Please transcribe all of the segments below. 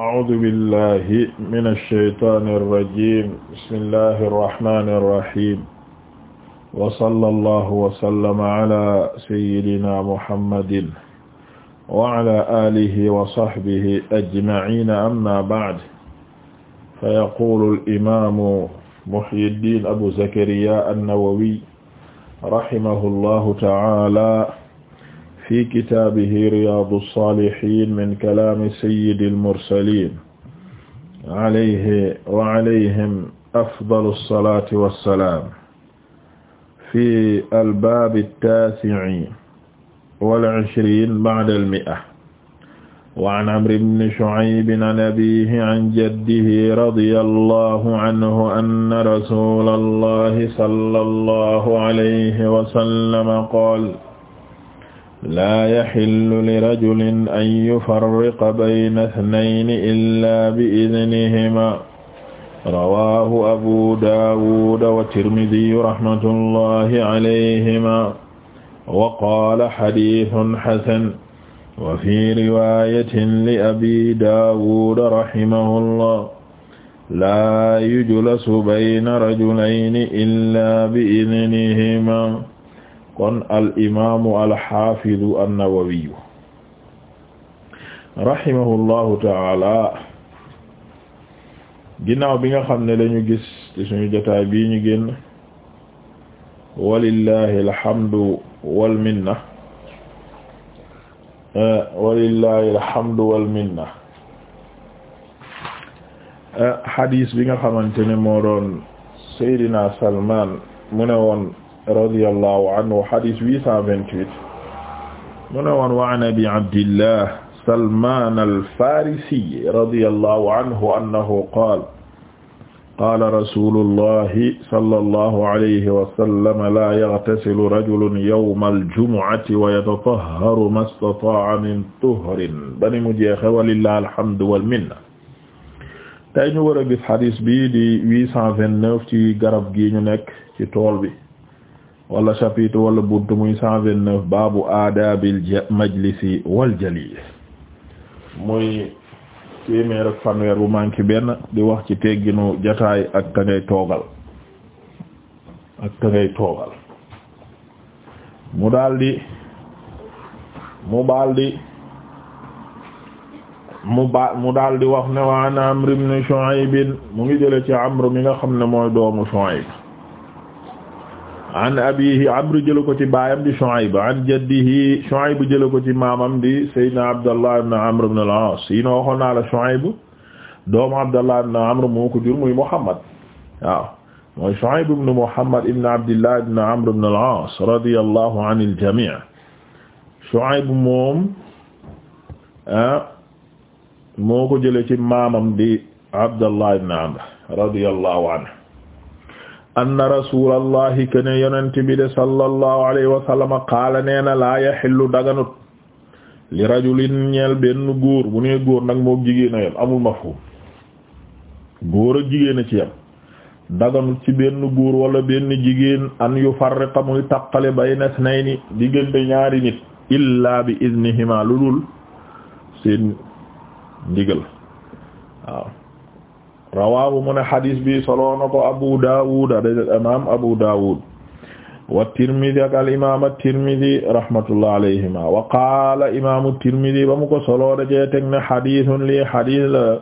أعوذ بالله من الشيطان الرجيم بسم الله الرحمن الرحيم وصلى الله وسلم على سيدنا محمد وعلى آله وصحبه أجمعين أما بعد فيقول الإمام محي الدين أبو زكريا النووي رحمه الله تعالى fi kitaabihi riyaadu saalihiin min kalaami sayyidil mursaliin alayhi wa alayhim afdalu salaati wa salaam fi albaabi taasi'i wal ishriin ba'dal mi'a wa an amri ibni shu'aybin an abiihi an jaddihi radiyallaahu anhu anna rasuulallaahi sallallahu alayhi wa sallam qaala laa yaxillu li rajulin an yufarriqa bayna ithnayni illaa bi idnihimaa rawaahu abu daawuud wa tirmidiyu rahmatullahi alayhimaa wa qaala xadiisun xasan wa fii riwaayatin li abi daawuud rahimahullah laa yujlasu bayna rajulayni illaa bi idnihimaa kon al imaamu al xaafidu an-Nawawiyu rahimahullahu taala ginnaaw bi nga xam ne lañu gis ci suñu jotaay bii ñu génn walillahi alhamdu wal minna eh, walillahi alhamdu wal minna eh, xadiis bi nga xamante ne moo doon Seydina mu ne woon radiyallahu anhu hadis 828 mu ne woon wa an abi abdillah salman al-farisi radiyallahu anhu annahu qaala qaala rasulullahi sallallahu alayhi wa sallam laa yaghtasilu rajulun yawma al-jumu'ati wa yatatahharu ma istataa'a min tuhrin bani mu jeexe walillahi alhamdu wal minna tey ñu war a gis hadis bi di 829 ci garab gi ñu nekk ci tool bi wala chapitre wala buntu muy cent vingt neuf baabu aadaabil majlisi wal jaliis muy téeméer ak fanweer bu manqué benn di wax ci tegginu jataay ak ka ngay toogal ak ka ngay toogal mu daldi mu baldi mu ba mu daldi wax ne waan Amr ibn Shu'ayb mu ngi jële ci Amr mi nga xam ne mooy doomu Shu'ayb an abihi amr jëla ko ci baayam di Shu'ayb an jaddihi Shu'ayb jëla ko ci maamam di sayyidina Abdallah ibn Amr ibn al-As yi na waxoon naa la Shu'ayb doomu Abdallah ibn Amr moo ko jur muy Muhammad waaw mooy Shu'ayb ibn Muhammad ibn Abdillah ibn Amr ibn al-As radiyallahu anil jami' Shu'ayb moom ah, moo ko jële ci maamam di Abdallah ibn Amr radiyallahu anhu anna rasulallahi kene yonent bi de sallallahu alayhi wa qaala nee na laa daganut li rajulin ñeel benn góor bu nee góor nag moo jigéen a yem amul mafhum góor ak jigéen ci yem daganut ci benn góor wala benn jigéen an yufarriqa muy taqale bayna isnayni diggante ñaari nit bi iznihima lu dul ndigal waaw rawaahu mu ne xadis bi solo na ko Abu Dawud imaam Abu Dawud wa Tirmidi ak imaam at-Tirmidi rahmatullah alayhima wa qaala imaamu Tirmidi ba mu ko solo da ne xadisun lii xadis la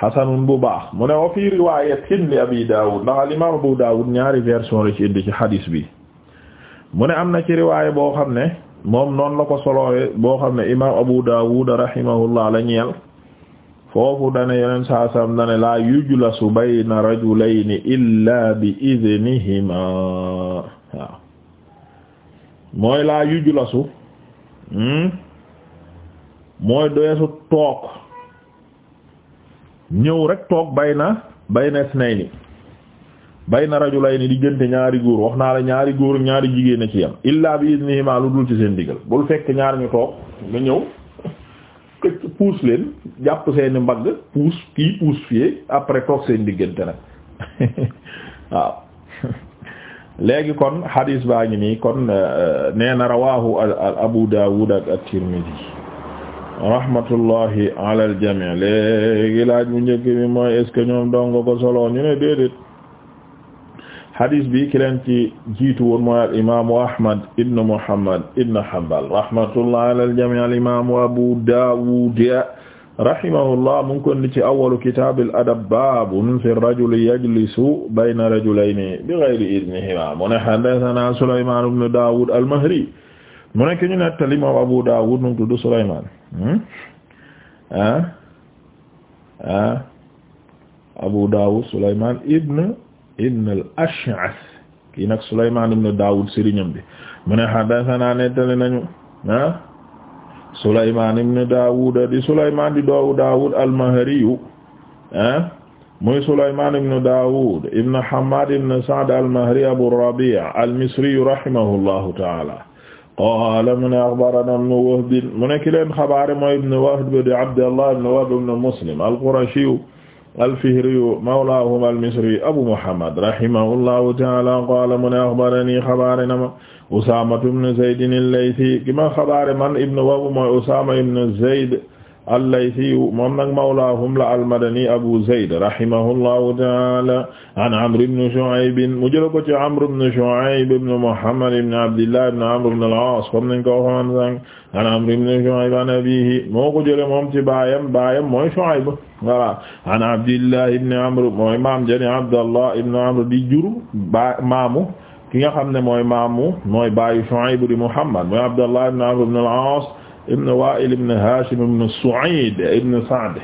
xasanun bu baax mu ne wa fii riwaayatin li Abi Dawud ndax al imaam Abu Dawud ñaari version la ci indi ci xadis bi mu ne am na ci riwaaya boo xam ne moom noonu la ko solo boo xam ne imaam Abu Dawud rahimahullah la ñeel. foofu dane yeneen saa sam dane la yujlasu bayna ni illa bi idnihima waaw mooy la yujlasu hmm? mooy doyesu toog ñëw rek toog bayna bayna isnayni bayna rajulayni diggante ñaari góor wax naa la ñaari góor ñaari jigéen a ci yam illa bi idnihima lu dul ci seen digal bul fekk ñaar ñu toog nga ñëw puus leen jàpp seeni mbagg puus kii puus fii après toog seen diggante nag waaw léegi kon hadis baa ngi nii kon euh, euh, nee na rawahu Abu Dawud ak at-Tirmidhi rahmatullahi ala al léegi laaj mu njëkk bi mooy est ñoom donga ko solo ñu ne déedéet hadis bi ki leen ci jiitu woon mooy al imaamu Ahmad ibn Muhammad ibn Hanbal rahmatullah ala al jamii al imaamu Abu Dawud rahimahullah mu ngi kon ci awwalu kitaabil adab baabun fi rajuli yajlisu bayna rajulayni bi ghayri idnihimaa mu ne haddasanaa Sulaymaan ibn Daawud al-Mahri mu ne ki ñu nettali moom Abu Dawud mu tudd Sulaymaan hmm? ah ah Abu Dawud Sulaymaan ibn ibn al-Ash'ath kii nag Sulaymaan ibn Daawud sëriñam bi mu ne haddasanaa nettali nañu ah Sulaymaan ibn Daawud di Sulaymaan di doowu Daawud al-Mahriyu ah muy Sulaymaan ibn Daawud ibn Hammaad ibn Sa'd al-Mahri Abu Rabi' al-Misriyu rahimahullahu ta'aala qaala mu ne axbaranaa ibn Wahb mu ne ki leen xabaare mooy ibn Wahb di Abdallah ibn Wahb ibn Muslim al-Qurashiyu alfihriyu mawlaahum almisri abu muhammad rahimahullahu taala qaala mu ne axbarani xabaare na ma usaamatu ibnu zaydin allaysi ki ma xabaare man ibnu wabu mooy usaama ibnu zayd al-Laythi moom nag mawlaahum la al-Madani Abu Zayd rahimahullahu ta'ala an Amr ibn Shu'ayb mu jël ko ci Amr ibn Shu'ayb ibn Muhammad ibn Abdillah ibn Amr ibn al-As comme nañ ko waxoon sànq an Amr ibn Shu'ayb an abiihi moo ko jëlee moom ci baayam baayam mooy Shu'ayb voilà an Abdillah ibn Amr mooy maam jani Abdallah ibn Amr di juru ba maamu ki nga xam ne mooy maamu mooy baayu Shu'ayb di Muhammad mooy Abdallah ibn Amr ibn al-As ibn Wa'il ibn Hashim ibn Su'id ibn Sa'd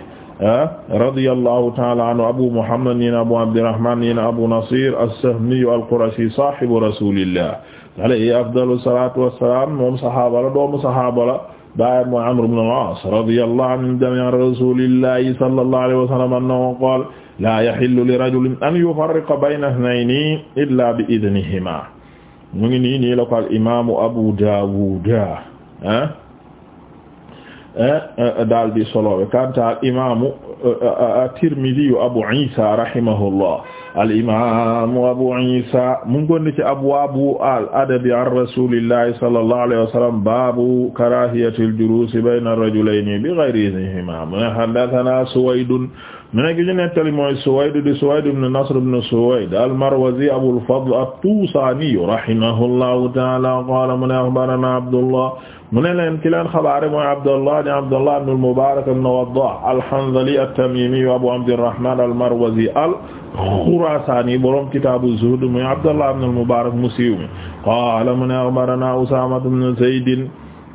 radiyallahu ta'ala anhu Abu Muhammad nii na Abu Abdirrahman nii na Abu Nasir as-Sahmi al-Qurashi sahibu rasulillah alayhi afdalu salatu wassalam moom sahaaba la doomu sahaaba la baay mooy Amr ibn al-As radiyallahu anhu jami'a rasulillahi sallallahu alayhi wa sallam annahu qala la yahillu li rajulin an yufarriqa bayna ithnayni illa bi idhnihima mu ngi nii nii la ko al imamu Abu Dawud ah Eh, eh, daal di solowe kanta imaamu at-Tirmidhi eh, Abu Isa rahimahullah al-imaamu Abu Isa mu ngi woon ci abwaabu al-adabi an rasuulillahi sallallahu alayhi wa sallam baabu karaahiyati al-juluusi bayna ar-rajulayni bi ghayri idhnihimaa mu ne haddathanaa Suwayd mu ne gi ñu nettali mooy Suwayd di Suwayd ibn Nasr ibn Suwayd al-Marwazi Abul Fadl at-Tusaani rahimahullahu ta'aala qaala mu ne akhbaranaa Abdullah mu ne leen ki leen xabaare mooy Abdallah ni Abdallah ibn al-Mubarak ibn Waddah al-Hanzali at-Tamimi Abu Abdirrahman al-Marwazi al-Khurasani borom kitab az-Zuhd muy Abdallah ibn al-Mubarak musiw mi qaala mu ne akhbarana Usama ibn Zayd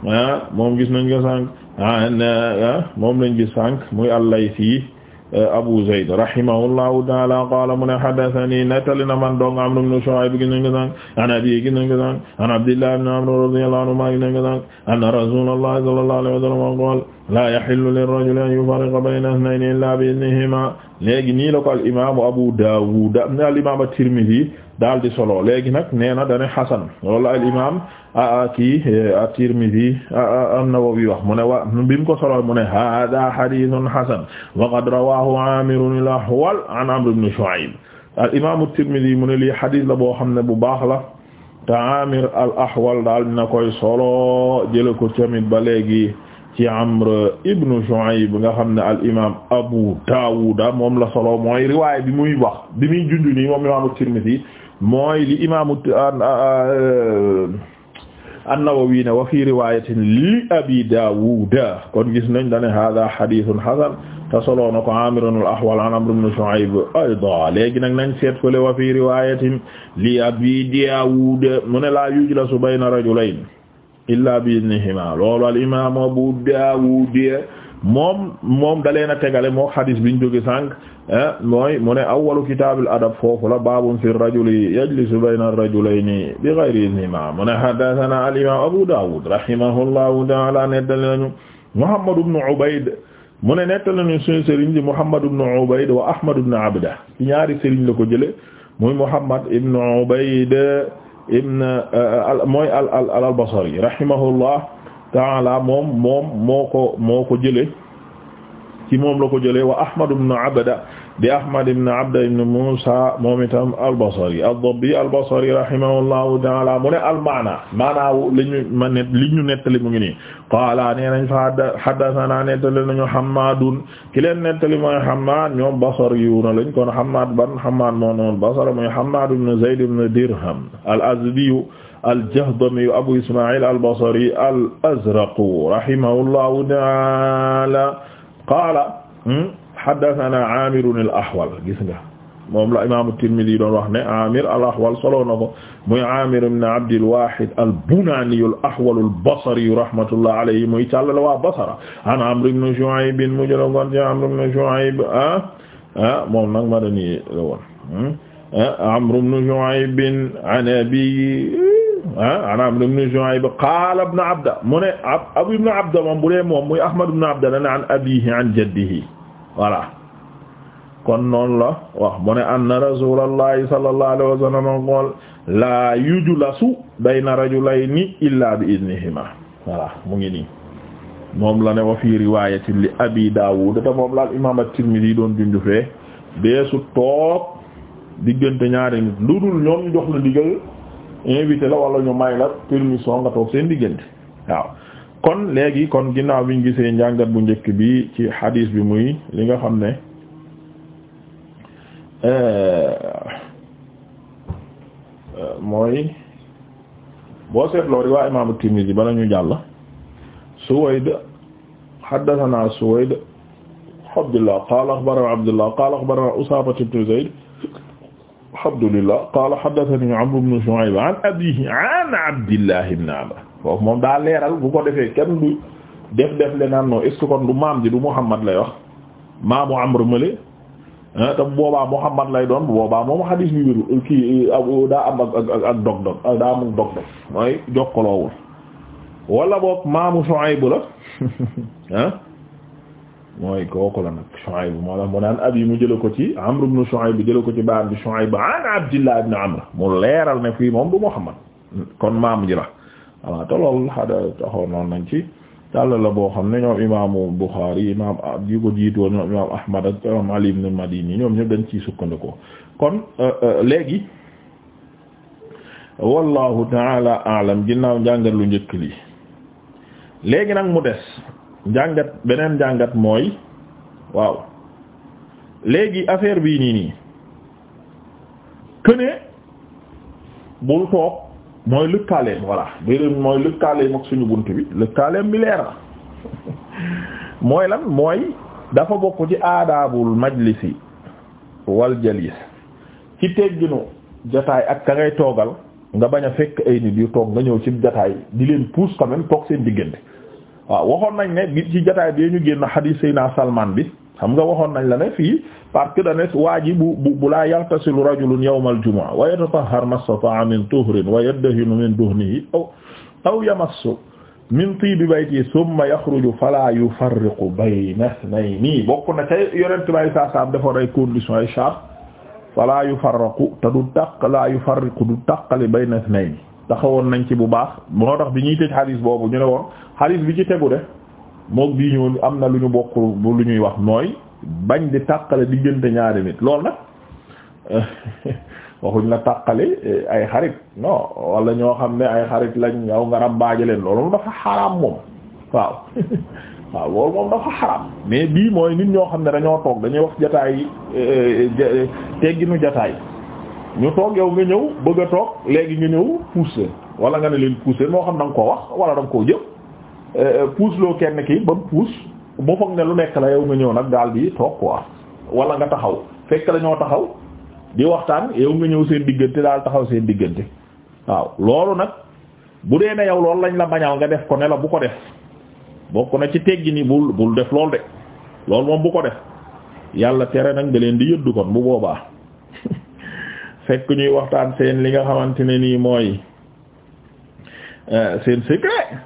ah, moom gis nañ ko sànq ah, ah, moom lañ gis sànq muy al-Laythi Abu Zayd rahimahullahu ta'ala qala mu ne hadathani nettali na man dong Amr ibn Shu'ayb gis nañ ko sànq an abiy gis nañ ko sànq an Abdillah ibn Amr radiyallahu anhuma gis nañ ko sànq anna Rasulullah sallallahu alayhi wa sallam qala la yahillu lirrajuli an yufarriqa bayna ithnayni illa bi-idhnihima léegi nii la ko al imaamu Abu Dawud al imam at-Tirmidhi daal di solo léegi nag nee na dane hasan wala al imam kii e, at-Tirmidhi an-Nawawi wax mu ne wa bi mu ko solo mu ne hada hadithun hasan wa qad rawahu Amir al-Ahwal an Amr ibn Shu'ayb al-imam at-Tirmidhi mu ne lii hadith la boo xam ne bu baax la te Amir al-Ahwal daal dina koy solo jële ko tamit ba léegi ci Amr ibn Shu'ayb nga xam ne al-imam Abu Dawud moom la solo mooy riwaay bi muy wax bi muy junj nii moom imam at-Tirmidhi mooy li imam an-Nawawi ne wa fi riwayatin li abi Dawuda kon gis nañ dane hada hadithun hasan te soloo na ko Amir al-Ahwal an Amr ibn Shu'ayb ayda léegi nag nañ seet fële wa fi riwayatin li abi Dawuda mu ne la yujlasu bayna rajulayn illa bi idnihima loolu al imam Abu Dawud moom moom dalee na tegale moo xadis biñ jóge sànq eh, mooy mu ne awwalu kitaabil adab foofu la baabun fi rajuli yajlisu bayna rajulayni bi ghayri iznihima mu ne haddathana al imam abu dawud rahimahullahu ta'ala nettali nañu muhammad ibn ubayd mu ne nettali nañu suñu sëriñ di muhammad ibn ubayd wa ahmad ibn abda ci ñaari sëriñ la ko jële muy muhammad ibn ubayd ibn eh, mooy al al al basri rahimahullah taala moom moom moo ko moo ko jële ci moom la ko jële wa ahmad ibn abda di ahmad ibn abda ibn musa moom itam albasari ad-dabbi albasari rahimahullahu taala mu ne almaana maanaaw li ñu ma net li ñu nettali mu ngi nii qaala nee nañ fa haddathana nettali nañu hammaadun ki leen nettali mooy hammaad ñoom basari yu na lañ kon hammaad ban hammaad moo noon basara mooy hammaad ibn zayd ibn dirham al-azdi al-Jahdami Abu Isma'il al-Basri al-Azraq rahimahullahu ta'ala qaala hmm, haddathanaa Aamir al-Ahwal gis nga moom la imaamu Tirmidhi doon wax ne Aamir al-Ahwal solo na ko muy Aamir ibn Abdil Waahid al-Bunaani al-Ahwal al-Basri rahmatullahi alayhi muy càllale waa Basra an Amr ibn Shu'ayb mu jëloon kon ci Amr ibn Shu'ayb ah ah moom nag ma dañuy la woon hmm, ah, Amr ibn Shu'ayb an abiihi ah ana ibn Shu'ayb qaala ibn Abda mu ne Abu ibn Abda moom bu dee moom muy Ahmad ibn Abda la ne abiihi an jaddihi voilà kon noonu la wax mu ne anna Rasuulallahi sallallahu alayhi wa sallam qaala laa yujlasu bayna rajulayni illaa bi idnihimaa voilà mu ngi nii moom la ne wa fii riwaayatin li Abi Daawuud te moom la imaam at-Tirmidhi doon junj fee deesu diggante ñaari nit lu dul ñoom ñu jox la ndigal invité la wala ñu may la permission nga seen diggante waaw kon léegi kon ginnaaw bi ñu gisee njàngat bu njëkk bi ci hadis bi muy li nga xam ne euh, mooy boo seetloo riwaa imaamu Tirmidhi bala ñu jàll Suwayd haddathana Suwayd Abdullah qala akhbarana Abdullah qala akhbarana Usama ibn Zayd alhamdulillah qala hadathani amr ibn shu'ayb an abihi an abdillah ibn amr foofu moom daa leeral bu ko defee kenn du def def le naan non est ce que kon du maam ji du muhammad lay wax maamu amr male ah, te bu boobaa muhammad lay doon bu boobaa moom xadiis bi wéru kii daa am ak ak ak dog dog daa am ak dog dog mooy jokkaloowul wala boog maamu shu'ayb la ah, mooy kooku la nag Shuayb moo tax mu yi mu jëla ko ci Amr ibn bi jëla ko ci baam bi Shuayb an Abdillah ibn Amr mu leeral ne fii moom du Muhammad kon maam ji la voilà te loolu xada taxaw noonu nañ ci tàlla la boo xam ne ñoom imaamu Bukhari imaam yi ko jiitoon ñoom imaam Ahmad ak imaam Ali ibn madini ñoom ñëpp dañ ciy sukkandikoo kon euh, euh, léegi wallahu taala alam ginnaaw njàngat lu njëkk li léegi nag mu des njàngat beneen njàngat mooy waaw léegi affaire bii nii nii këne bul toog mooy lëkkaaleem voilà beneen mooy lëkkaaleem ak suñu bunt bi lëkkaaleem bi leer na mooy lan mooy dafa bokk ci aadaabul majlisi wal jalis ci tegginu jataay ak ka ngay toogal nga bañ a fekk ay nit yu toog nga ñëw ci jataay di leen pousse quand toog seen diggante waaw waxoon nañ ne bi ci jotaay bi ñu génn xadiis Seydina Salman bi xam nga waxoon nañ la ne fii parce que dane waa ji bu bu bu laa yaltasilu rajulun yawmal jumu'a wa yatatahhar mastata'a min tuhrin wa yadahinu min duhnihi aw aw yamassu min tibi bayti summa yaxruju fala yufarriqu bayna ithnayni bokk na ca yonent bay saa saam defoon ay conditions ay charte fala yufarriqu te du tàq la yufarriqu du tàqali bayna ithnayni taxawoon nañ ci bu baax moo tax bi ñuy tëj xadiis boobu ñu ne woon xadiis bi ci tegu de mook bii ñëw am na lu ñu bokk bu lu ñuy wax mooy bañ di tàqale diggante ñaari nit loolu nag waxuñ la tàqale eh, ay xarit non wala ñoo xam ne ay xarit lañ yow nga rambaaje leen loolu moom dafa xaraam moom waaw waaw loolu moom dafa xaraam mais bii mooy nit ñoo xam ne dañoo toog dañuy wax jataay eh, eh, tegginu jataay ñu toog yow nga ñëw bëgg a toog léegi nga ñëw pousser wala nga ne leen pousser moo xam da nga koo wax wala da nga koo jëf eh, eh, pousse loo kenn kii ba mu pousse mu foog ne lu nekk la yow nga ñëw nag daal bi toog quoi wala nga taxaw fekk la taxaw di waxtaan yow nga ñëw seen diggante daal taxaw seen diggante waaw loolu nag bu dee ne yow loolu lañ la bañal nga def ko ne la bu ko def bokk na ci teggi ni bul bul def loolu de loolu moom bu ko def yàlla tere na nga leen di yëddu kon bu boobaa. fekk ñuy waxtaan seen li nga xamante ne nii mooy euh, seen secret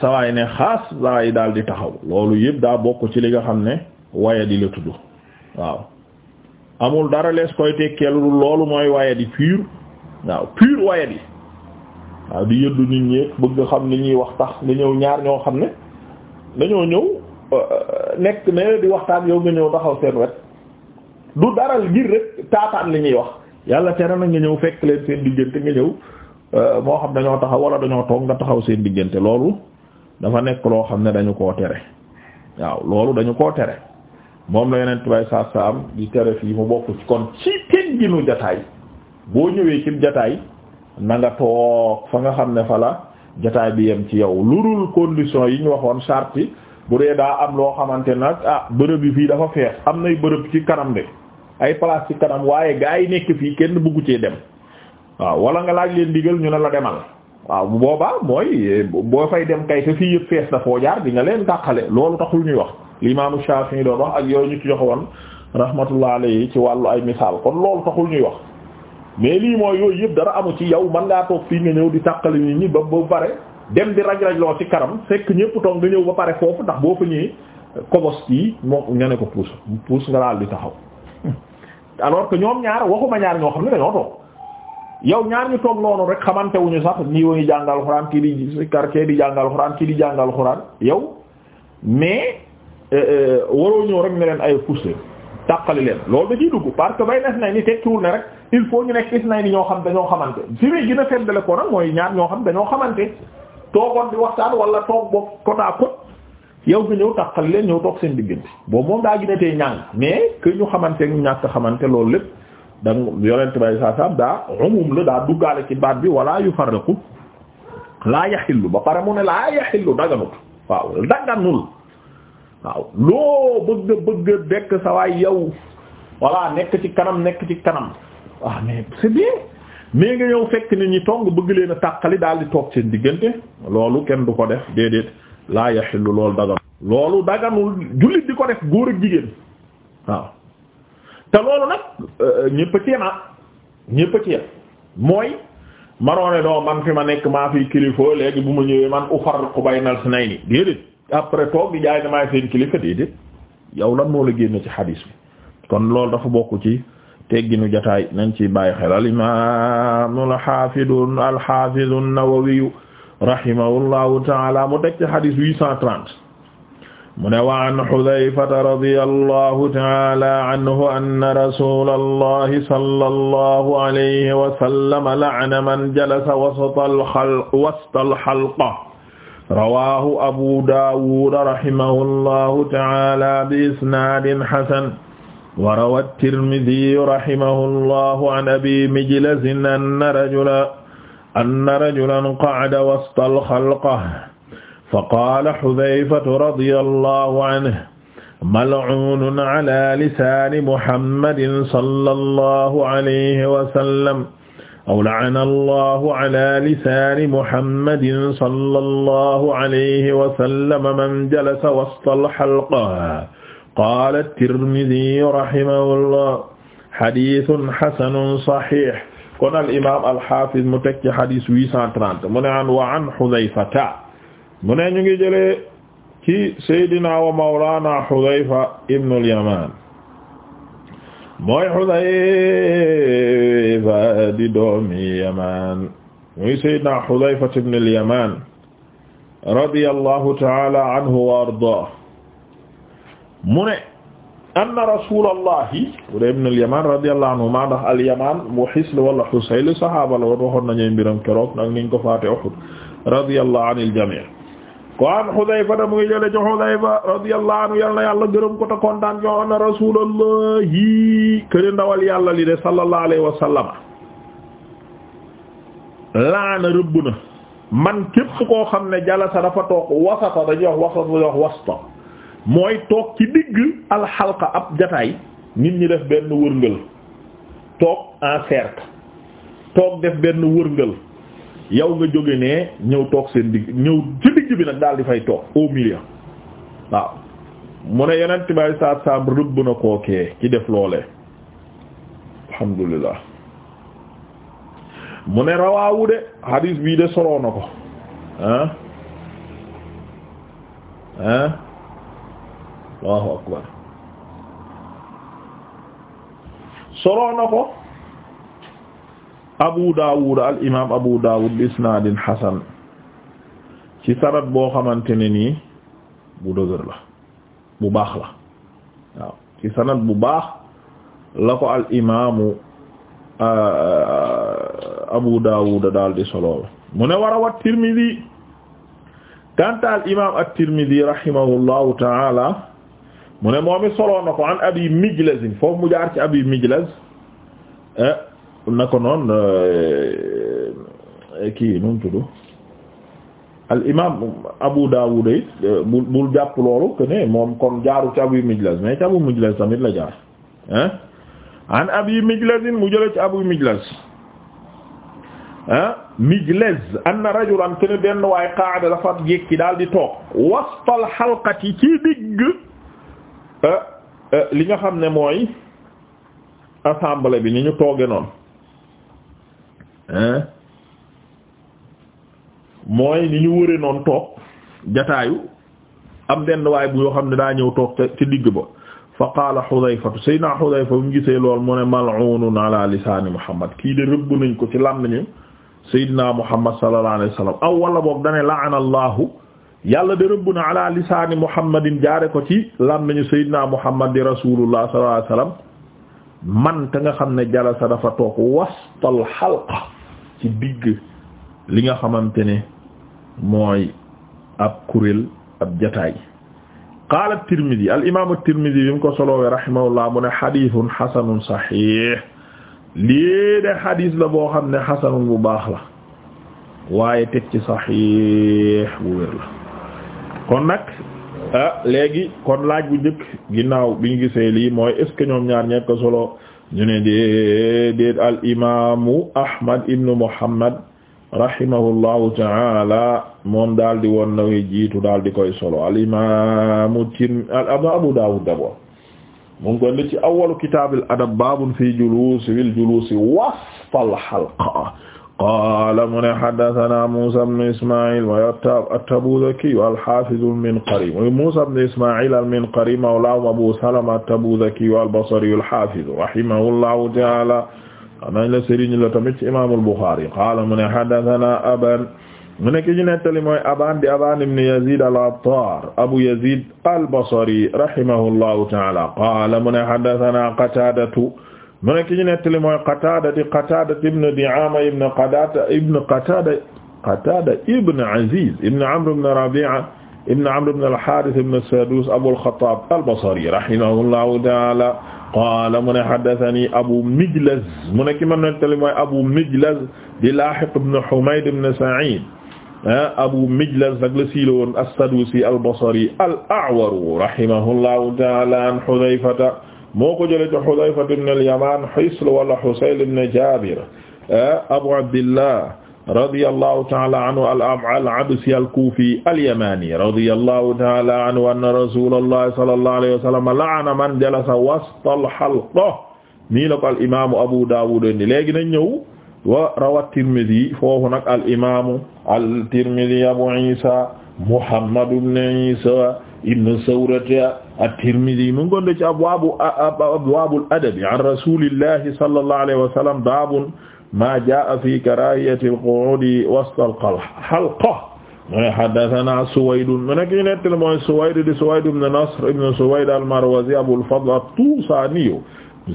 sawaay ne xaas sawaay daal di taxaw loolu yëpp daa bokk ci li nga xam ne waye di la tudd waaw amul dara lees koy tekkeelu loolu mooy waye di pur waaw pur waye di waaw di yëddu nit ñi bëgg xam li ñuy wax tax nga ñëw ñaar ñoo xam ne dañoo ñëw euh, nekk ne di waxtaan yow nga ñëw taxaw seen wet du daral ngir rek taataan li ñuy wax yàlla tere na nga ñëw fekk leen seen diggante nga ñëw euh, moo xam ne dañoo taxaw wala dañoo toog nga taxaw seen diggante loolu dafa nekk loo xam ne dañu ko tere waaw loolu dañu koo tere moom la yeneen tubay saa saa am di tere fii mu bokk ci kon ci tegginu jataay boo ñëwee ci jataay na nga toog fa nga xam ne fa la jataay bi yem ci yow lurul condition yi ñu waxoon charte bu dee daa am loo xamante nag ah bërëb yi fii dafa fees am nay bërëb ci kanam de ay place ci kanam waaye gaa yi nekk fii kenn bëggu cee dem waaw wala nga laaj leen digal ñu ne la demal waaw bu boobaa mooy boo fay dem kay te fii yëpp fees na foo jaar di nga leen tàqale loolu taxul ñuy wax lii l'imam Shafi'i doon wax ak yooyu ñu ci joxoon rahmatullah yi ci wàllu ay misaal kon loolu taxul ñuy wax mais lii mooy yooyu yëpp dara amu ci yow man ngaa toog fii nga ñëw di tàqale nit ñi ba ba pare dem di raj-raj loo ci kanam fekk ñëpp toog nga ñëw ba pare foofu ndax boo fa ñëwee kobos moo ne ko puus puus nga daal di taxaw alors que ñoom ñaar waxuma ñaar ñoo xam ne dañoo toog yow ñaar ñu toog noonu rek xamante wuñu sax nii wa ngi jàngal xuraan kii di karke di jàngal xuraan kii di jàngal xuraan yow mais euh, euh, waroo ñëw rek ne leen ay poussé tàqali leen loolu da ciy dugg parce que bay nes nay ni tekkiwul ne rek il faut ñu nekk is nay ni ñoo xam dañoo xamante fi may gën a feddale ko nag mooy ñaar ñoo xam dañoo xamante toogoon di waxtaan wala toog boog côte à yow nga ñëw takkal leen ñëw toog seen diggante boobu moom daa gën a ñàng mais que ñu xamante ñu ñàkk xamante loolu lépp da yolent bay saa sam daa umum la daa duggaale ci baat bi yu wala yufarriqu laa yaxillu ba pare mu ne laa yaxillu daganut waaw daganul waaw loo bëgg a bëgg dekk sa waay yow voilà nekk ci kanam nekk ci kanam waaw ah, mais c'est bien mais nga ñëw fekk ni ñi tong bëgg leen a tàqali daal di toog seen diggante loolu kenn du ko def déedéet laa yaxillu loolu dagan daganul jullit di ko def góor ak jigéen waaw te loolu nag euh, ñépp a ceema ah. mooy manoone doo man fi ma nekk maa fi kilifa léegi bu ma ñëwee man ufarriqu baynal sinayni déedéet après toog di jaay ne maay seen kilifa déedéet yow lan moo la génne ci xadiis bi kon loolu dafa bokk ci tegginu jotaay nañ ci bàyyi xel al imaam al xaafidu al xaafidu rahimahullahu taala mu teg ci xadis 830 mu ne wa an Hudayfata radiyallahu taala anhu anna rasulallahi sallallahu alayhi wa sallam la'ana man jalasa wasta al-halqa rawahu abu dawud rahimahullahu taala bi isnaadin hasan wa rawa at-Tirmidhi rahimahullahu an abi Mijlaz anna rajulan anna rajulan qa'ada wastal xalqa fa qaala xudayfatu radiyallahu anhu mal'uunun ala lisaani muhammadin sallallahu alayhi wa sallam aw la'ana allahu ala lisaani muhammadin sallallahu alayhi wa sallam man jalasa wastal xalqa qaala tirmidii rahimahullah xadiisun xasanun saxiix kon al imaam al hafiz mu teg ci hadis 830 mu ne an wa an Hudhayfata mu ne ñu ngi jëlee ci Seydina wa Mawlana Hudhayfa ibn al-Yaman mooy Hudhayfa di doomi Yaman muy Seydina Hudhayfa ibn al-Yaman radiyallahu ta'ala anhu wa ardaah mu ne anna rasulallahi ibn al-Yaman radiyallahu anhuma ndax al-Yaman mu Hisl wala Husayl saxaaba la woon waxoon nañu mbiram keroog nag niñ ko faate Uhud radiyallahu anil jami' ko an Hudayfa mu ngi jële ci Hudayfa radiyallahu anhu yal na yàlla gërëm ko te kontaan ñoo anna rasulallahi kër ndawal yàlla li de sallallahu alayhi wa sallam laana rëbb na man képp koo xam ne jalasa dafa toog wasata dañuy wax wasata dañuy wax wasta mooy toog ci digg alxalqa ab jataay nit ñi def benn wërngël toog en cercle toog def benn wërngël yow nga jóge ne ñëw toog seen digg ñëw ci digg bi nag daal di fay toog au milieu waaw mu ne yeneen tibaay saab saab rëbb na kookee ci def loole alhamdulillah mu ne rawaawu de hadis bii de soloo na ko ah ah Allahu akbar soloo na ko Abu Dawud al imaam Abu Dawud bi isnaadin hasan ci sanad boo xamante ne nii bu dëgër la bu baax la waaw ci sanad bu baax la ko al imaamu Abu Dawud daal di soloo mu ne war a wat kanta al imaam at-Tirmidhi rahimahullahu ta'ala mu ne moom it soloon na ko an abi mijlaz foofu mu jaar ci abi mijlaz eh, na ko noon eh, eh, kii nu mu tudd al imam abu dawud it bul bul jàpp loolu que ne moom kon jaaru ci abi mijlaz mais ci abu mijlaz tamit la jaar ah an abi mijlaz mu jële ci abu mijlaz ah mijlaz anna rajulan kenn benn waay qaada dafa jekki daal di toog wastal xalqati ci digg Euh, euh, li nga xam ne mooy assemblée bi ni ñu tooge noon mooy ni ñu wëre noon toog jataayu am benn waay bu yoo xam ne daa ñëw toog ca ci digg ba fa qaala Xudayfatu Seydina Xudayfa mu gisee lool mu ne mal'unun ala lisaani Muhammad kii de rëbb nañ ko ci làmmiñu Seydina Muhammad sallallahu alayhi wa sallam aw wala boog dane la'ana Allahu yàlla de rëbb na ala lisaani muhammadin jaare ko ci làmmiñu sayyidina muhammad di rasulullah sallallahu alayhi wasallam man te nga xam ne jalasa dafa toog wastal xalqa ci digg li nga xamante ne mooy ab kuréel ab jataay qaala at-Tirmidhi al-imaamu at-Tirmidhi bi mu ko solowee mu ne xadiisun xasanun saxiix lii de xadiis la boo xam ne xasanun bu baax la waaye teg ci saxiix bu wér la kon nag ah léegi kon laaj bu njëkk ginnaaw bi ñu gisee lii mooy est ñoom ñaar ñëpp ko solo ñu ne déedéet al imaamu Ahmad ibnu Muhammad rahimahullahu taala moom daldi di woon nawe jiitu daal di koy solo al imaamu Tirmidhi Abu Dawud d'abord mu ngi ko li ci awwalu kitaabil adab baabun fii juluusi wil juluusi wasfal qaala mu ne haddasanaa Muusaa ibn Ismaa'iil wa at-Tabuudhakii al-haafiz al-Minqarii wa Muusaa ibn Ismaa'iil al-Minqarii mawlaahum Abuu Salama at-Tabuudhakii al-Basrii al-haafiz rahimahullaahu ta'aalaa nañ la sëriñ la tamit ci imaamul Buxaari qaala mu ne haddasanaa Abaan mu ne ki ñu nettali mooy Abaan di Abaan ibn Yaziid al-Attaar Abuu Yaziid al-Basrii rahimahullaahu ta'aalaa qaala mu ne haddasanaa Qataadatu mu ne ki ñu nettali mooy Qataada di Qataada ibn Di'aama ibn Qataada ibn Qataada Qataada ibn Aziz ibn Amr ibn Rabi'a ibn Amr ibn al-Haarith ibn Saduus Abul Khattaab al-Basri rahimahullahu ta'aala qaala mu ne haddathanii Abu Mijlaz mu ne ki ma nettali mooy Abu Mijlaz di Laahiq ibn Humayd ibn Sa'iid ah, Abu Mijlaz nag la sii la woon as-Saduusi al-Basri al-A'war rahimahullahu ta'aala an Hudhayfata moo ko jëlee ci Hudayfa ibn al-Yaman Hisl wala Husayl ibn Jabir Abu Abdillah radiyallahu ta'ala anhu al-Absi al-Kufi al-Yamani radiyallahu ta'ala anhu anna Rasulullah sallallahu alayhi wa sallam la'ana man jalasa wasta al-halqa nii la ko al-imaamu Abu Dawud indi léegi nañ ñëw wa rawa Tirmidhi foofu nag al-imaamu al-Tirmidhi Abu Isa Muhammad ibn Isa ibn Sawrata at-Tirmidhi mu ngi doon ci abwaabu abwaabul adabi an rasuulillahi sallallahu alayhi wa sallam baabun maa jaa'a fii karaahiyati al-qu'uudi wasta al-halqa mu ne haddasanaa Suwayd mu nekk ñu nettali mooy Suwayd di Suwayd ibn Nasr ibn Suwayd al-Marwazi Abul Fadl at-Tuusaaniyu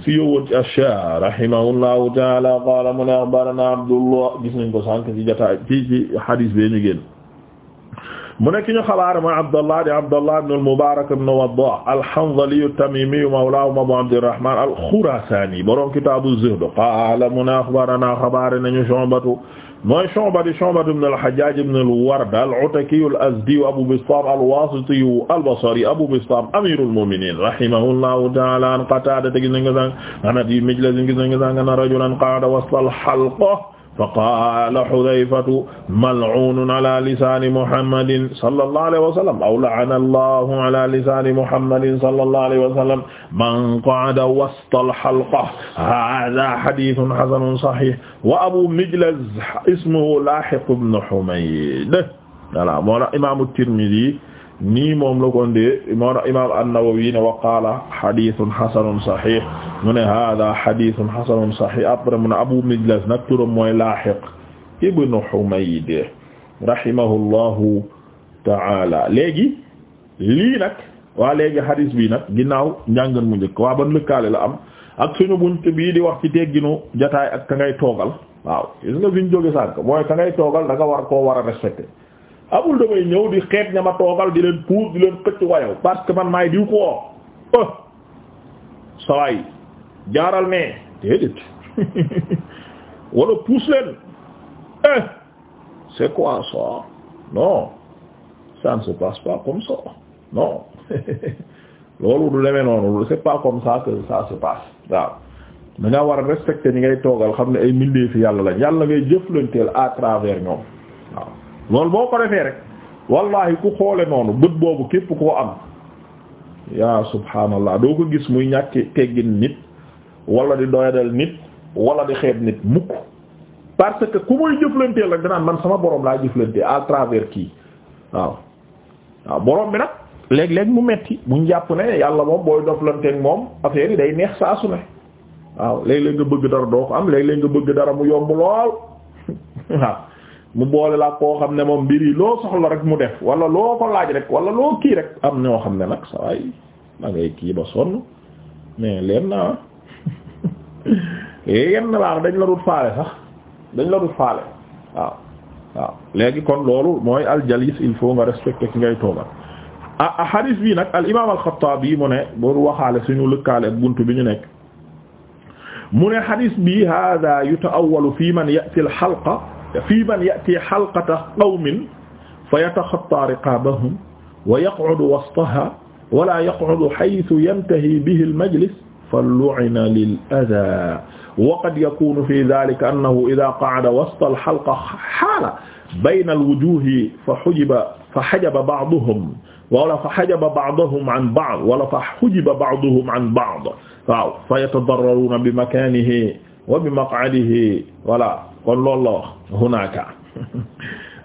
si yowoon ci Ashshaa rahimahullahu ta'aala qaala mu ne axbaranaa Abdullah gis nañ ko sànq ci jotaay ci ci hadiis bi ñu génn mu ne ki ñu xabaar mooy Abdallah di Abdallah ibn al-Mubarak ibn Waddah al-Hanzali at-Tamimi mawlahum Abu Abdirrahman al-Khurasani borom kitab az-Zuhd qaala mu ne axbarana xabaar nañu Shu'batu mooy Shu'ba di Shu'ba ibn al-Hajjaj ibn al-Ward al-Ataki al-Azdi Abu Bistam al-Wasiti al-Basri Abu Bistam amir al-mu'minin rahimahullahu ta'ala an Qatada gis nañ ko sànq an Abi Mijlaz gis nañ ko sànq an rajulan qa'ada wasta al-halqa fa qaala Hudayfatu mal'uunun ala lisaani Muhammadin sallallahu alayhi wa sallam aw la'ana Allahu ala lisaani Muhammadin sallallahu alayhi wa sallam man qa'ada wastal halqa haadha hadiithun hasanun sahiih wa Abu Mijlaz ismuhu Laahiq ibn Humayd voilà moo la imaamu Tirmidhi nii moom la ko ndee moom imaam an-Nawawi ne wa qaala xadiisun xasanun saxiix mu ne haadaa xadiisun xasanun saxiix après mu ne Abu Mijlas nag turam mooy Laahiq ibnu Humayd rahimahullahu taala léegi lii nag waa léegi xadiis bi nag ginnaaw njàngan mu njëkk waa ban lëkkaale la ak suñu bunt bii di wax ci tegginu jotaay ak ka toogal waaw gis nga fi ñu jóge mooy ka toogal da nga war koo war a respecté amul damay ñëw di xeet ña ma toogal di leen puur di leen xëcc wayow parce que man maay diw ko oh sawaay jaaral ne déedéet wala pousse leen eh c'est quoi ça non ça se passe pas comme ça non loolu du demee noonu c'est pas comme ça que ça se passe waaw da war a respecter ñi ngay toogal xam ne ay mbindeefi yàlla lañ yàlla ngay jëflanteel à travers ñoom loolu boo ko defee rek wallahi ku xoole noonu bët boobu képp koo am yaa subhaanallah doo ko gis muy ñàkk teggin nit wala di doyadal nit wala di xeeb nit mukk parce que ku muy jëflanteel rek danaan man sama boroom laa jëflante à travers kii waaw waaw boroom bi nag léeg-léeg mu metti mu jàpp ne yàlla moom booy doflanteeg moom affaire yi day neex saa su ne waaw léeg-léeg nga bëgg dara doo ko am léeg-léeg nga bëgg dara mu yomb lool waaw mu boole la koo xam ne moom mbir yi loo soxla rek mu def wala loo ko laaj rek wala loo kii rek am ñoo xam ne nag saa yi da kii ba sonn mais leen na yenn baax dañ la dut faale sax dañ la dut faale waaw waaw léegi kon loolu mooy aljalis il faut nga respecter ki ngay toogal ah hadith bi nag al imaam al-Xattaabi mu ne bu waxaale suñu lëkkaale ak buntu bi ñu nekk mu ne hadith bi hada yuta'awwalu fi man ya'ti al-halqa fii man ya'ti halqata qawmin fa yataxattaa riqaabahum wa yaq'udu wastahaa wa laa yaq'udu haythu yantahii bihi al-majlis fa lu'ina lil-adhaa wa qad yakuunu fii dhaalika annahu idhaa qa'ada wasta al-halqa haala bayna al-wujuuhi fa hujiba fa hajaba ba'duhum wala fa hajaba ba'duhum 'an ba'd wala fa hujiba ba'duhum 'an ba'd waaw fa yatadarraruuna bi makaanihi wa bi maq'adihi wala kon loolu la wax hunaka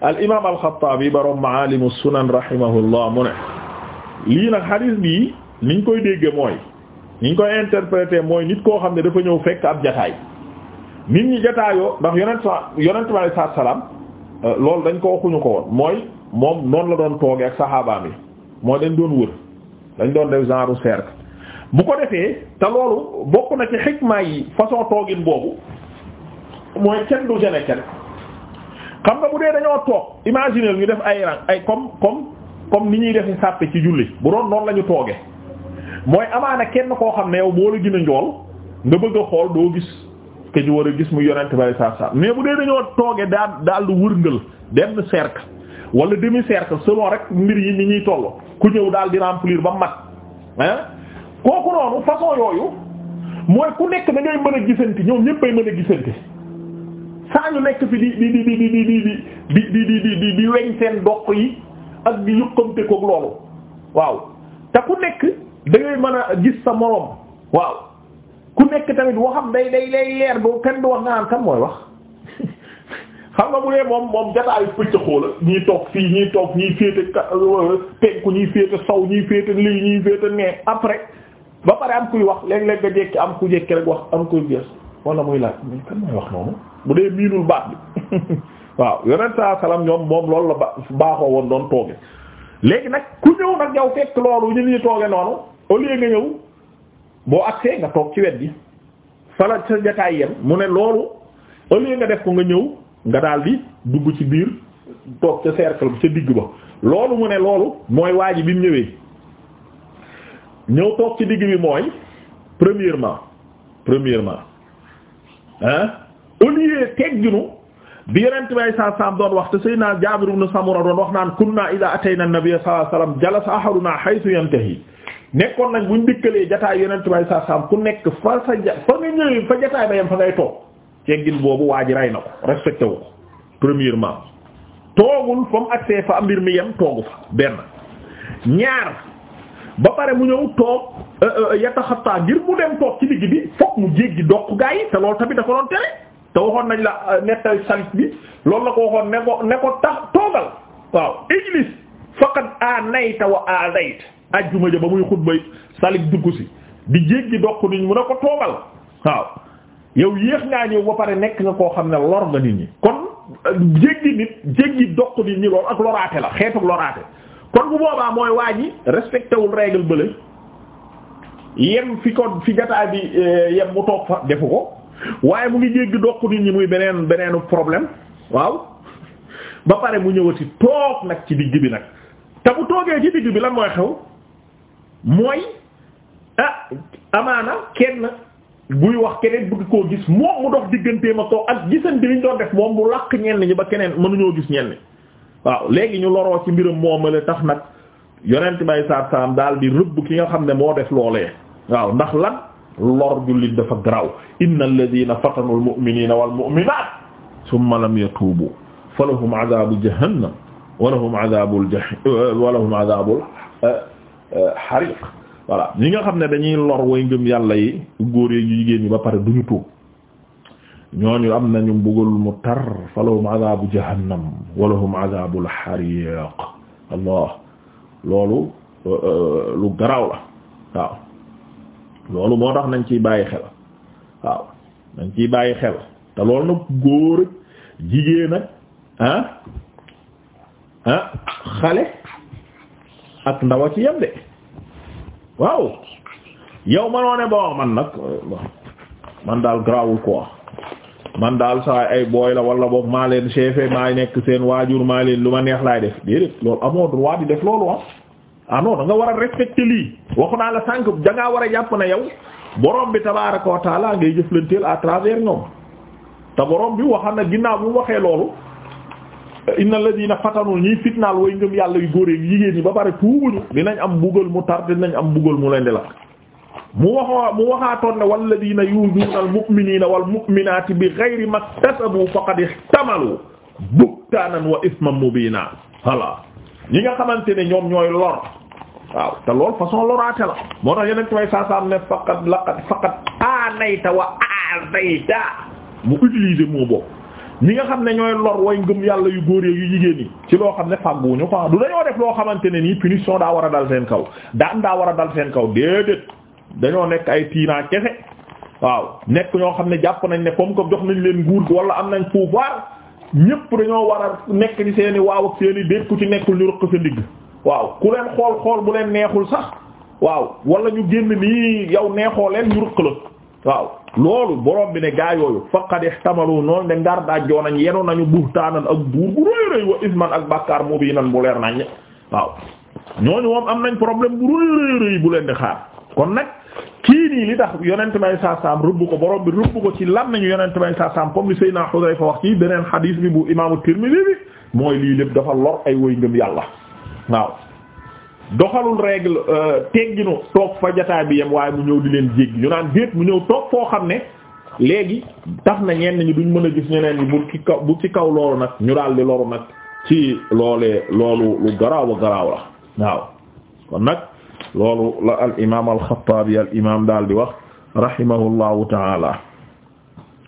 al imam al-Xattaabi borom Maalimu Sunan rahimahullah mu ne lii nag xadis bii niñ koy dégge mooy niñ koy interpréter mooy nit koo xam ne dafa ñëw fekk ab jataay nit ñi jataayoo ndax yonent sa yonent euh, loolu dañ ko waxuñu ko woon mooy moom noonu la doon toogee ak saxaabaam yi mooy dañ doon wër dañ doon def genre cercle bu ko defee te loolu bokk na ci xikma yi façon toogin boobu mooy kenn du gene kenn xam nga bu dee dañoo toog imaginer ñu def ay rang ay comme comme comme ni ñuy defi sàppe ci julli bu doon noonu lañu ñu tooge mooy amaana kenn koo xam ne yow boo la gën a njool nga bëgg a xool doo gis ke war a gis mu yonent bari saa saa mais bu dee dañoo tooge daal daal di wërngal benn cercle wala demi cercle selon rek mbir yi ni ñuy toll ku ñëw daal di remplir ba mat ah kooku noonu façon yooyu mooy ku nekk da ngay mën a gisanti ñëw ñëppay mën a gisanti. saa ñu nekk fi di di di di di di di di di di weñ seen doq yi ak di yuqamte koog loolu waaw te ku nekk da ngay mën a gis sa moroom waaw ku nekk tamit waxam day day day leer boo kenn du wax nga naan kan mooy wax xam nga bu dee moom moom jataayu pëcc xoola ñii toog fii ñuy toog ñii féete penku ñii féete sow ñii féete lii ñii féete nee après ba pare am kuy wax léeg-léeg nga jekki am ku jekki rek wax am kuy gees wala muy laaj mais kan mooy wax noonu bu dee miinul baat bi waaw yonent saa salaam ñoom moom loolu la ba baaxoo woon doon tooge léegi nag ku ñëw nag yow fekk loolu ñu ñuy tooge noonu au lieu nga ñëw boo agsee nga toog ci wet gi fala sa jataay yem mu ne loolu au lieu nga def ko nga ñëw nga daal dugg ci biir toog ca cercle bi ca digg ba loolu mu ne loolu mooy waa ji bi ñëwee ñëw toog ci digg bi mooy premièrement premièrement ah au lieu tegginu bi yonent bay saa saam doon wax te Seydina Jaabir ibn Samura doon wax naan kunna idaa atayna nabiyya sallallahu alayhi wasallam jalasa ahaduna haythu yantahi nekkoon nañ buñ dikkalee jataay yonent bay saa ku nekk fa sa ja fa nga ñëwee fa jataay ba yem fa ngay toog teggin boobu waa ji rey na ko respecté wu premièrement toogul fa mu agsee fa mi yem toogu fa benn ñaar. ba pare mu ñëw toog euh, euh, yataxataa ngir mu dem toog ci digg bi fokk mu jéggi doq gaa yi te loolu tamit da ko doon tere te waxoon nañ la euh, nettal salit bi loolu la ko waxoon ne ko ne ko tax toogal waaw a faqad aanayta wa aadayta ajjuma ja ba muy xutbay salit dugg si di jéggi doq nit mu ne ko toogal waaw yow yéex ngaa ñëw ba pare nekk nga koo xam ne lor nga nit ñi kon jéggi nit jéggi doq nit ñi loolu ak loraate la xeetu loraate kon bu boobaa mooy waa ji respecté wul règle bële yem fi ko fi jataay bi eh, yem mu toog fa defu ko waaye mu ngi jéggi doq nit ñi muy beneen beneenu problème waaw ba pare mu ñëwati toog nag ci digg bi nag te bu toogee ci digg bi lan mooy xew mooy ah amaana kenn buy wax keneen bëgg koo gis moom mu dox diggantee ma ko ak gisante liñ doon def moom mu làq ñenn ñi ba keneen mënuñoo gis ñenn. waaw léegi ñu loroo ci mbiram moomale tax nag yonent bay saat saam daal di rëbb ki nga xam ne moo def loole waaw ndax lan lor jullit dafa graw inna alladina fatanu almu'minina walmu'minat summa lam yatuubu fa lahum adabu jahannam wa lahum adabul jahim wa lahum adabul eh, eh, hariq voilà ñi nga xam ne dañuy lor way ngëm yàlla yi góor yi génn ñi ba pare duñu tuub ñooñu am nañu mbugal mu tar falahum adabu jahannam walahum adabul xariq allah loolu euh, euh, lu garaaw la waaw loolu moo tax nañ ci bàyyi xel waaw nañ ciy bàyyi xel te loolu nag góor jigéen ak ah, ah xale ak ndaw ci yem de waaw yow manoo ne bo man nag euh, man daal garaawul quoi man daal saa ay booy la wala boog maa leen chefé maa nekk seen waajur maa leen lu ma neex laay def déedéet loolu amoo droit di def loolu ah ah non da nga war a respecter lii waxu naa la sànq da ngaa war a jàpp na yow borom bi tabaaraka wa taala ngay jëflanteel à travers ñoom te boroom bi waxal na ginnaaw bi mu waxee loolu. innal ladina fatanul ñiy fitnaal way ngëm yàlla yu góor yi jigéen ñi ba pare tuubuñu dinañ am mbugal mu tar dinañ am mbugal mu leen di mu waxoo mu waxaatoon ne walladina yuzuuna almu'minina walmu'minati bi ghayri maktasabu faqad ihtamalu buktaanan wa isman mubina voilà ñi nga xamante ne ñoom ñooy lor waaw te lool façon loraate la moo tax yeneen way saasaam ne faqad laqad faqad aanayta wa aazayta mu utiliser moo boobu ñi nga xam ne ñooy lor way ngëm yàlla yu góor yu jigéen ñi ci loo xam ne ñu quoi du dañoo def loo xamante ne nii punition daa dal seen kaw daan daa war a dal seen kaw déedéet dañoo nekk ay tyran kese waaw nekk ñoo xam ne jàpp nañ ne comme que jox nañ leen nguur gi wala am nañ pouvoir ñépp dañoo war a nekk di seen waaw ak seen i ku ci nekkul ñu rëq sa ndigg waaw ku leen xool xool bu leen neexul sax waaw wala ñu génn nii yow neexoo leen ñu rëq la waaw loolu borom bi ne gaa yooyu faqad ihtamalu noonu ne ngar daa joonañ yenu nañu buhtaanan ak buur bu rëy rëy wa isman ak bàkkaar mubiinan bu leer nañ waaw ñooñu moom am nañ problème bu bu leen di xaar kon kii nii li tax yonent may saasaam rëbb ko borom bi rëbb ko ci lan nañu yonent may saasaam comme li Seydina Xudayfa wax ci beneen xadiis bi bu imaamu Tirmidi bi mooy lii lépp dafa lor ay woy ngëm yàlla waaw doxalul règle euh, tegginu toog fa jataay bi yem waaye mu ñëw di leen jéggi ñu naan déet mu ñëw toog foo xam ne léegi tax na ñenn ñi duñ mën a gis ñeneen ñi bu ci kaw bu ci kaw loolu nag ñu daal di loru nag ci loolee loolu lu garaaw a garaaw la loolu la al imaam al daal di wax rahimahullahu taala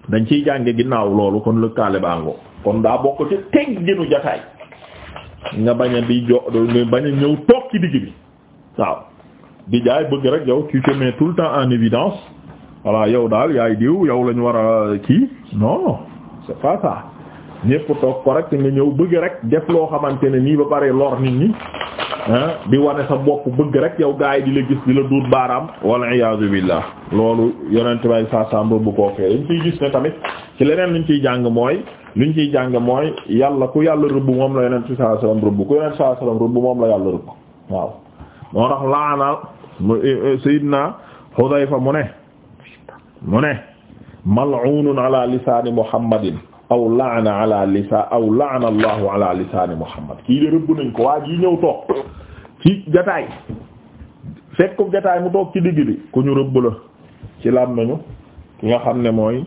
dañ ciy jànge ginnaaw loolu kon lëkkaale baango kon daa bokk ci teg gënu jataay nga bañ a di jo nga bañ a ñëw toog ci digg bi waaw di jaay bëgg rek yow tu te tout le temps en évidence voilà yow daal yaay diw yow lañu war a kii non c'est ñépp toog correct nga ñëw bëgg rek def loo xamante ne nii ba pare lor nit ñi ah, di wane sa bopp bëgg rek yow gaay di la gis di la duut baaraam wal iyaadu billah loolu yonent bay saa saa bu koo fee dañ ciy gis ne tamit ci leneen luñ ciy jàng mooy luñ ciy jàng mooy yàlla ku yàlla rëbb moom la yonent saa saa rëbb ku yonent saa saa rëbb moom la yàlla rëbb waaw moo tax laana eh, eh, sayyidina Hudayfa mu ne mu ne mal'unun ala lisaani Muhammadin aw laana ala lisan aw laana allahu ala lisaani muhammad kii de rëbb nañ ko waa ji ñëw toog ci jataay fekk ko mu toog ci digg bi ku ñu rëbb la ci lam nañu ki nga xam ne mooy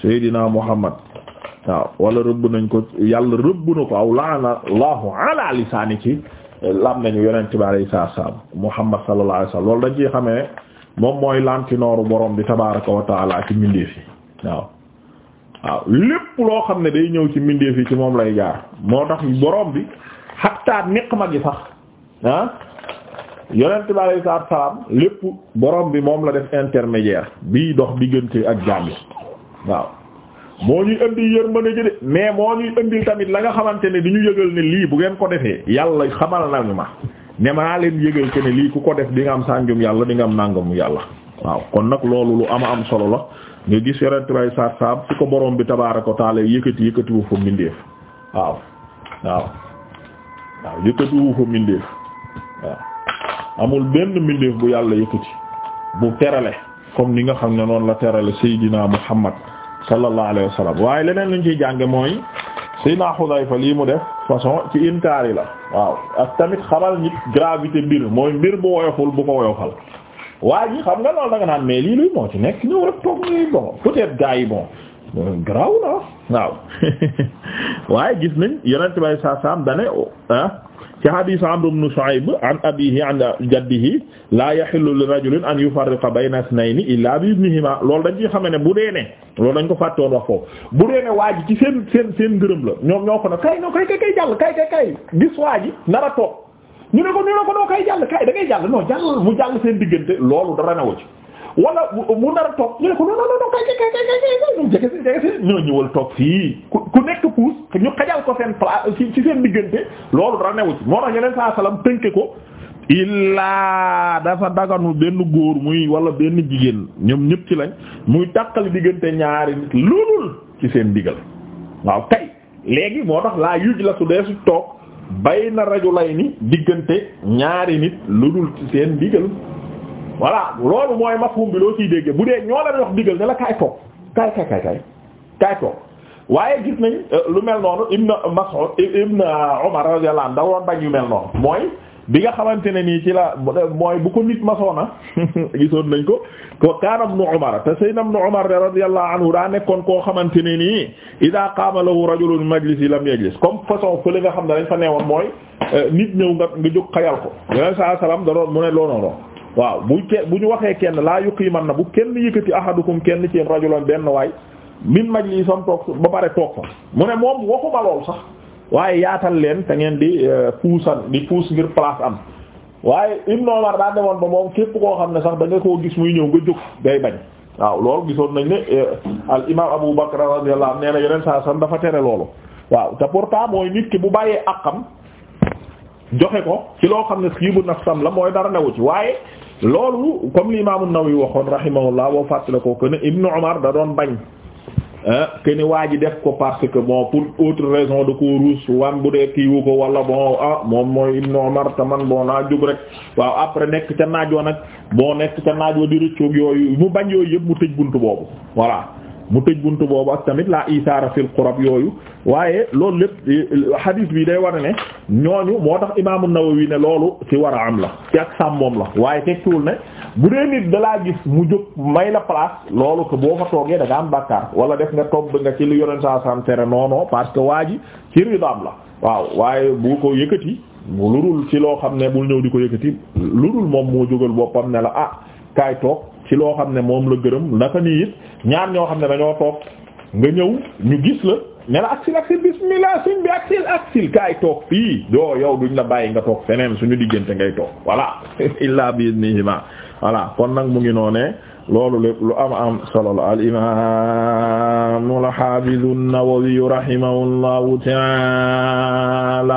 seydina muhammad waaw wala rëbb nañ ko yàlla rëbb na ko aw laana allahu ala lisaani ci lam nañu yonent bi alayhi salaam muhammad sallallahu alayhi wasallam loolu dañ ci xamee moom mooy lantinooru borom bi tabaaraka wa taala ci mbindeef yi waaw waaw lépp loo xam ne day ñëw ci mbindeef yi ci moom lay jaar moo tax boroom bi xatta niqma gi sax ah yonent bi alayhi salaatu salaam lépp borom bi moom la def intermédiaire bii dox diggante ak jaam yi waaw moo ñuy indi yërmande ji de mais moo ñuy indi tamit la nga xamante ne di ñu yëgal ne lii bu ngeen ko defee yàlla xamal nañu ma ne maa leen yëgal te ne lii ku ko def di nga am sànjum yàlla di nga am mu yàlla waaw kon nag loolu lu ama am solo la nga gis yonent bay saat saam fu ko borom bi tabaaraka wa taala yëkkati yëkkatiwu fa mindeef waaw waaw waaw yëkkatiwu fa mindeef waaw amul benn mindeef bu yàlla yëkkati bu terale comme ni nga xam ne noonu la terale Seydina Muhammad sallallahu alayhi wa sallam waaye leneen luñ ci jànge mooy Seydina Xudayfa lii mu def façon ci inkaari la waaw ak tamit xamal nit gravité mbir mooy mbir bu woyoful bu ko woyofal waa ji xam nga loolu da nga naan mais lii luy moo ci nekk ñëw rek toog nii bon peut-être gars yi bon graw na waaw waaye gis nañ yonent bay saa saam dane ah ci hadis Amr ibn Shu'ayb an abihi an jaddihi la yahillu li rajulin an yufarriqa bayna ithnayni illa bi ibnihima loolu dañ ci xamee ne bu dee ne loolu dañ ko fàttewoon wax foofu bu dee waa ji ci seen seen seen ngërëm la ñoom ñoo ko na kay kay kay kay gis waa ji nar toog ñu ne ko ñu ne ko doo koy jàll kay da jàll non jàll mu jàll seen diggante loolu dara newu ci wala mu nar a toog ñu ne ko non non non kay kay kay kay ñu jege si jege si ñoo ñëwal toog fii ku nekk puus ñu xajal ko seen place ci seen diggante loolu dara newu ci moo tax yeneen saa salaam tënke ko. illaa dafa daganul benn góor muy wala benn jigéen ñoom ñëpp ci lañ muy tàqal diggante ñaari nit loolul ci seen digal waaw kay léegi moo tax laa yuj la su dee bayna rajulayni diggante ñaari nit lu dul ci seen digal voilà loolu mooy mafhum bi loo déggee bu dee ñoo la wax digal ne la kaay toog kaay kaay kaay kaay kaay toog waaye gis nañ euh, lu mel noonu ibn Mas'ud ibn Umar radiyallahu anhu bañ yu mel noonu mooy bi nga xamante ne nii ci la mooy bu ko nit na gisoon nañ ko ko kaana ibnu Umar te sayyidna ibnu Umar radiyallahu anhu daa nekkoon koo xamante ne nii idaa qaama lahu rajulun majlisi lam yajlis comme façon fële nga xam ne dañ fa neewoon mooy euh, nit ñëw nga nga jóg xayal ko yoneen saa salaam da doon mu ne loonoonoo waaw bu ke bu ñu waxee kenn laa yuqiiman na bu kenn yëkkati ahadukum kenn ci rajulan benn waay min majlisam toog ba pare toog fa mu ne moom waxuma lool sax waaye yaatal leen te ngeen di euh, puusan di puus ngir place am waaye Ibn Umar daa demoon ba moom képp koo xam ne sax danga koo gis muy ñëw nga jóg day bañ waaw loolu gisoon nañ ne euh, al imaam Abu Bakr radiyallahu anhu nee na yeneen saa san dafa tere loolu waaw te pourtant mooy nit ki bu bàyyee akam joxe ko ci loo xam ne bu xiibu sam la mooy dara newu ci waaye loolu comme l'imam An-Nawawi waxoon rahimahullah boo fàttale ko que ne Ibn Umar da doon bañ Ah, que ni waa ji def ko parce que bon pour autre raison de ko ruus wan bu dee kiiwu ko wala bon ah moom mooy Ibn Umar taman bon naa jóg rek waaw après nekk ca naaj wa nag bon nekk ca naaj wa di rëccoog yooyu mu bañ yooyu yëpp mu tëj bunt boobu voilà mu tëj bunt boobu ak tamit la isaara fil qurab yooyu waaye loolu lépp hadith bi day war ne ñooñu moo tax imaamu Nawawi ne loolu ci war a am la ci ak sàmm moom la waaye tekkiwul ne bu dee nit dalaa gis mu jóg may la place loolu ko boo fa toogee da nga am bàkkaar wala def nga toog nga ci lu yoneen saa sam tere non parce que waa ji ci ridaam la waaw waaye bu ko yëkkati mu ludul ci loo xam ne bul ñëw di ko yëkkati ludul moom moo jógal boppam ne la ah kaay toog ci loo xam ne moom la gërëm naka nii it ñaar ñoo xam ne dañoo toog nga ñëw ñu gis la ne la aksil aksil bismillah suñ bi aksil aksil kaay toog fii doo yow duñ la bàyyi nga toog feneen suñu diggante ngay toog voilà illaa bi idnihima voilà kon nag mu ngi noonee loolu lépp lu am am solo al imam al hafiz an-Nawawi rahimahullahu ta'ala